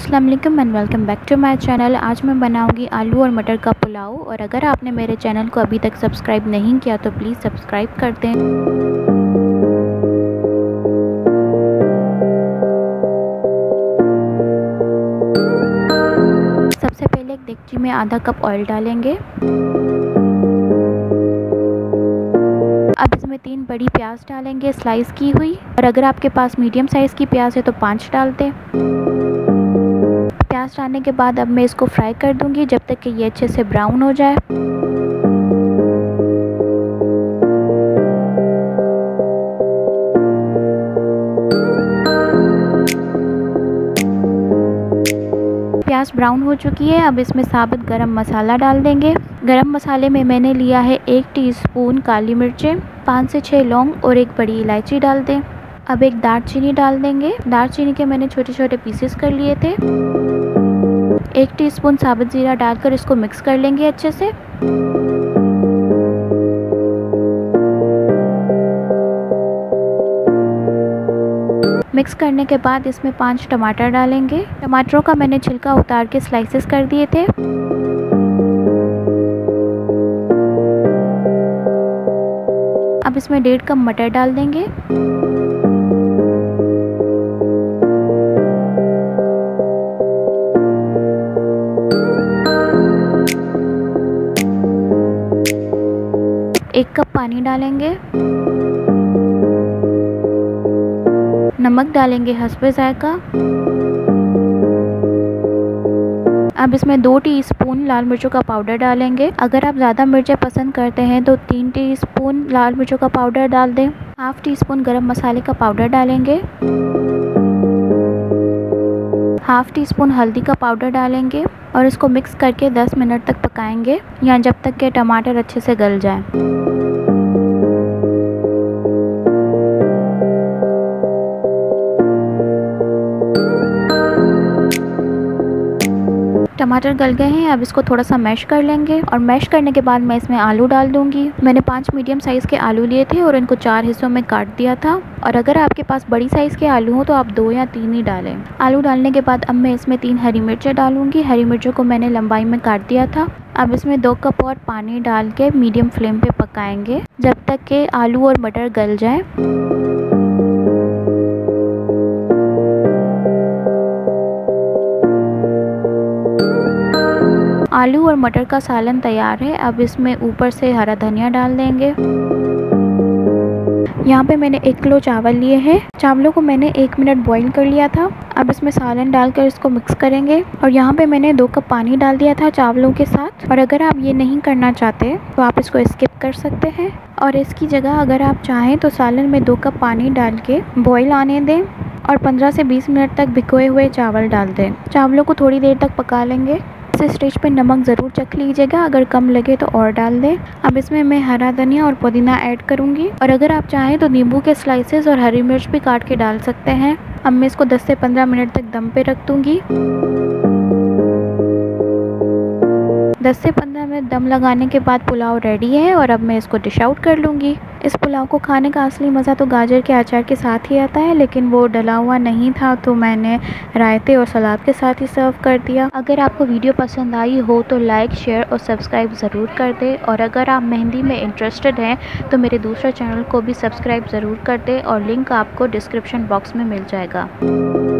अस्सलाम वालेकुम and welcome back to my channel आज मैं बनाऊंगी आलू और मटर का पुलाव और अगर आपने मेरे चैनल को अभी तक सब्सक्राइब नहीं किया तो प्लीज़ सब्सक्राइब कर दें सबसे पहले एक डेगची में आधा कप ऑयल डालेंगे अब इसमें तीन बड़ी प्याज डालेंगे स्लाइस की हुई और अगर आपके पास मीडियम साइज़ की प्याज है तो पाँच डाल दें प्याज डालने के बाद अब मैं इसको फ्राई कर दूंगी जब तक कि ये अच्छे से ब्राउन हो जाए प्याज ब्राउन हो चुकी है अब इसमें साबुत गरम मसाला डाल देंगे गरम मसाले में मैंने लिया है एक टीस्पून काली मिर्चें पाँच से छः लौंग और एक बड़ी इलायची डाल दें अब एक दालचीनी डाल देंगे दालचीनी के मैंने छोटे छोटे पीसेस कर लिए थे एक टीस्पून साबुत ज़ीरा डालकर इसको मिक्स कर लेंगे अच्छे से मिक्स करने के बाद इसमें पांच टमाटर डालेंगे टमाटरों का मैंने छिलका उतार के स्लाइसेस कर दिए थे अब इसमें डेढ़ कप मटर डाल देंगे एक कप पानी डालेंगे नमक डालेंगे हसबे जायका अब इसमें दो टीस्पून लाल मिर्चों का पाउडर डालेंगे अगर आप ज़्यादा मिर्चें पसंद करते हैं तो तीन टीस्पून लाल मिर्चों का पाउडर डाल दें हाफ टी स्पून गर्म मसाले का पाउडर डालेंगे हाफ टी स्पून हल्दी का पाउडर डालेंगे और इसको मिक्स करके 10 मिनट तक पकाएंगे या जब तक के टमाटर अच्छे से गल जाए टमाटर गल गए हैं अब इसको थोड़ा सा मैश कर लेंगे और मैश करने के बाद मैं इसमें आलू डाल दूंगी मैंने पाँच मीडियम साइज़ के आलू लिए थे और इनको चार हिस्सों में काट दिया था और अगर आपके पास बड़ी साइज़ के आलू हो तो आप दो या तीन ही डालें आलू डालने के बाद अब मैं इसमें तीन हरी मिर्चें डालूंगी हरी मिर्चों को मैंने लंबाई में काट दिया था अब इसमें दो कप और पानी डाल के मीडियम फ्लेम पे पकाएंगे जब तक के आलू और मटर गल जाए आलू और मटर का सालन तैयार है अब इसमें ऊपर से हरा धनिया डाल देंगे यहाँ पे मैंने एक किलो चावल लिए हैं चावलों को मैंने एक मिनट बॉईल कर लिया था अब इसमें सालन डालकर इसको मिक्स करेंगे और यहाँ पे मैंने दो कप पानी डाल दिया था चावलों के साथ और अगर आप ये नहीं करना चाहते तो आप इसको स्किप कर सकते हैं और इसकी जगह अगर आप चाहें तो सालन में दो कप पानी डाल के बॉयल आने दें और 15 से 20 मिनट तक भिगोए हुए चावल डाल दें चावलों को थोड़ी देर तक पका लेंगे इस स्टेज पे नमक ज़रूर चख लीजिएगा अगर कम लगे तो और डाल दें अब इसमें मैं हरा धनिया और पुदीना ऐड करूँगी और अगर आप चाहें तो नींबू के स्लाइसेस और हरी मिर्च भी काट के डाल सकते हैं अब मैं इसको 10 से 15 मिनट तक दम पे रख दूँगी 10 से 15 मिनट दम लगाने के बाद पुलाव रेडी है और अब मैं इसको डिश आउट कर लूँगी इस पुलाव को खाने का असली मज़ा तो गाजर के अचार के साथ ही आता है लेकिन वो डला हुआ नहीं था तो मैंने रायते और सलाद के साथ ही सर्व कर दिया अगर आपको वीडियो पसंद आई हो तो लाइक शेयर और सब्सक्राइब ज़रूर कर दें और अगर आप मेहंदी में इंटरेस्टेड हैं तो मेरे दूसरे चैनल को भी सब्सक्राइब ज़रूर कर दें और लिंक आपको डिस्क्रिप्शन बॉक्स में मिल जाएगा